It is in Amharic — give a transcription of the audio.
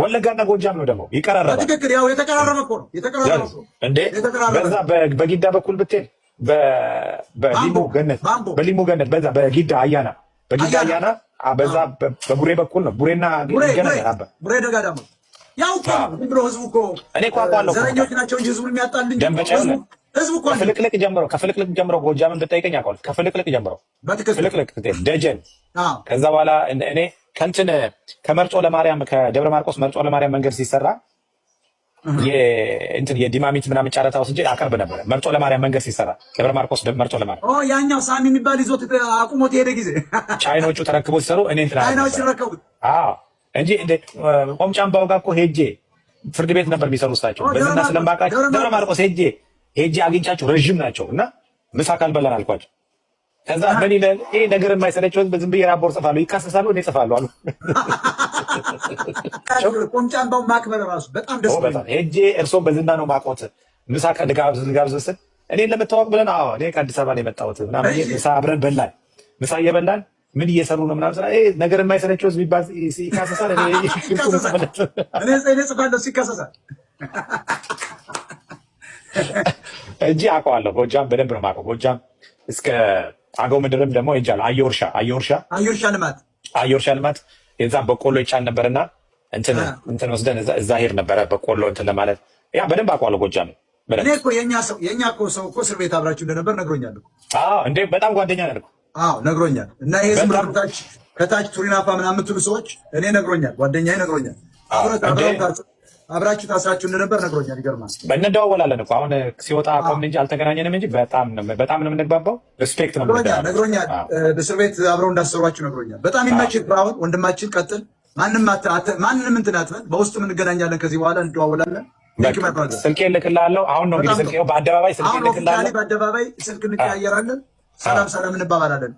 ወለጋና ጎጃም ነው ደግሞ ይቀራረባል። ትክክል። ያው የተቀራረበ እኮ ነው የተቀራረበ እንዴ በዛ በጊዳ በኩል ብትሄድ በሊሙ ገነት በሊሙ ገነት በዛ በጊዳ አያና በጊዳ አያና በዛ በቡሬ በኩል ነው ቡሬና ቡሬ ደጋዳማ ያው እኮ ብሎ ህዝቡ እኮ እኔ እኮ ነው ዘረኞች ናቸው እንጂ ህዝቡን የሚያጣል እንጂ ህዝቡ እኮ ከፍልቅልቅ ጀምሮ ከፍልቅልቅ ጀምሮ ጎጃምን ብጠይቀኝ አውቀዋለሁ። ከፍልቅልቅ ጀምሮ ፍልቅልቅ ደጀን ከዛ በኋላ እኔ ከእንትን ከመርጦ ለማርያም ከደብረ ማርቆስ መርጦ ለማርያም መንገድ ሲሰራ እንትን የዲማሚት ምናምን ጨረታ ወስጄ አቀርብ ነበረ። መርጦ ለማርያም መንገድ ሲሰራ ደብረ ማርቆስ መርጦ ለማርያም ያኛው ሳሚ የሚባል ይዞት አቁሞት የሄደ ጊዜ ቻይኖቹ ተረክቦ ሲሰሩ እኔ ቻይናዎች ተረከቡት እንጂ ቆምጫም ባውጋ እኮ ሄጄ ፍርድ ቤት ነበር የሚሰሩ እሳቸው በዝና ስለማውቃቸው ደብረ ማርቆስ ሄጄ ሄጄ አግኝቻቸው ረዥም ናቸው እና ምሳ ካልበላን አልኳቸው። ከዛ ምን ይላል? ይህ ነገር የማይሰለቸው ህዝብ ዝም ብዬ ራቦር ጽፋለሁ፣ ይካሰሳሉ፣ እኔ ጽፋሉ አሉ። ቆምጫን ባው ማክበር ራሱ በጣም ደስ ይላል። ሄጄ እርሶን በዝና ነው ማቆት ምሳ ጋብዝ ስል እኔን ለምታወቅ ብለን አዎ፣ እኔ ከአዲስ አበባ ነው የመጣሁት ምናምን፣ ምሳ አብረን በላን። ምሳ እየበላን ምን እየሰሩ ነው ምናምን ስራ ነገር የማይሰለቸው ህዝብ ይባል ይካሰሳል፣ እኔ ጽፋለሁ ሲካሰሳል እንጂ አውቀዋለሁ። ጎጃም በደንብ ነው የማውቀው። ጎጃም እስከ አገው ምድርም ደግሞ ሄጃለሁ። አየወርሻ አየወርሻ አየወርሻ ልማት አየወርሻ ልማት የዛ በቆሎ ይቻል ነበርና እንትን እንትን ወስደን እዛ ሄድ ነበረ በቆሎ እንትን ለማለት ያ በደንብ አውቀዋለሁ። ጎጃምን እኔ እኮ የኛ ሰው የኛ እኮ ሰው እኮ እስር ቤት አብራችሁ እንደነበር ነግሮኛል እኮ አዎ እንዴ! በጣም ጓደኛ ነን። አዎ ነግሮኛል። እና ይሄ ዝም ብላችሁ ከታች ቱሪናፋ ምናምን የምትሉ ሰዎች እኔ ነግሮኛል፣ ጓደኛዬ ነግሮኛል። አብረት አብረታችሁ አብራችሁ ታስራችሁ እንደነበር ነግሮኛል። ይገርማል። እንደዋወላለን እኮ አሁን ሲወጣ ቆም እንጂ አልተገናኘንም እንጂ በጣም ነው የምንግባባው። ሪስፔክት ነው ነግሮኛል። እስር ቤት አብረው እንዳሰሯችሁ ነግሮኛል። በጣም ይመችህ ብራውን ወንድማችን፣ ቀጥል። ማንንም እንትን አትበል። በውስጥ እንገናኛለን ከዚህ በኋላ እንደዋወላለን። ስልክ ልክልሃለሁ አሁን ነው እንግዲህ ስልክ በአደባባይ ስልክ ልክልሃለሁ። በአደባባይ ስልክ እንቀያየራለን። ሰላም ሰላም እንባባላለን።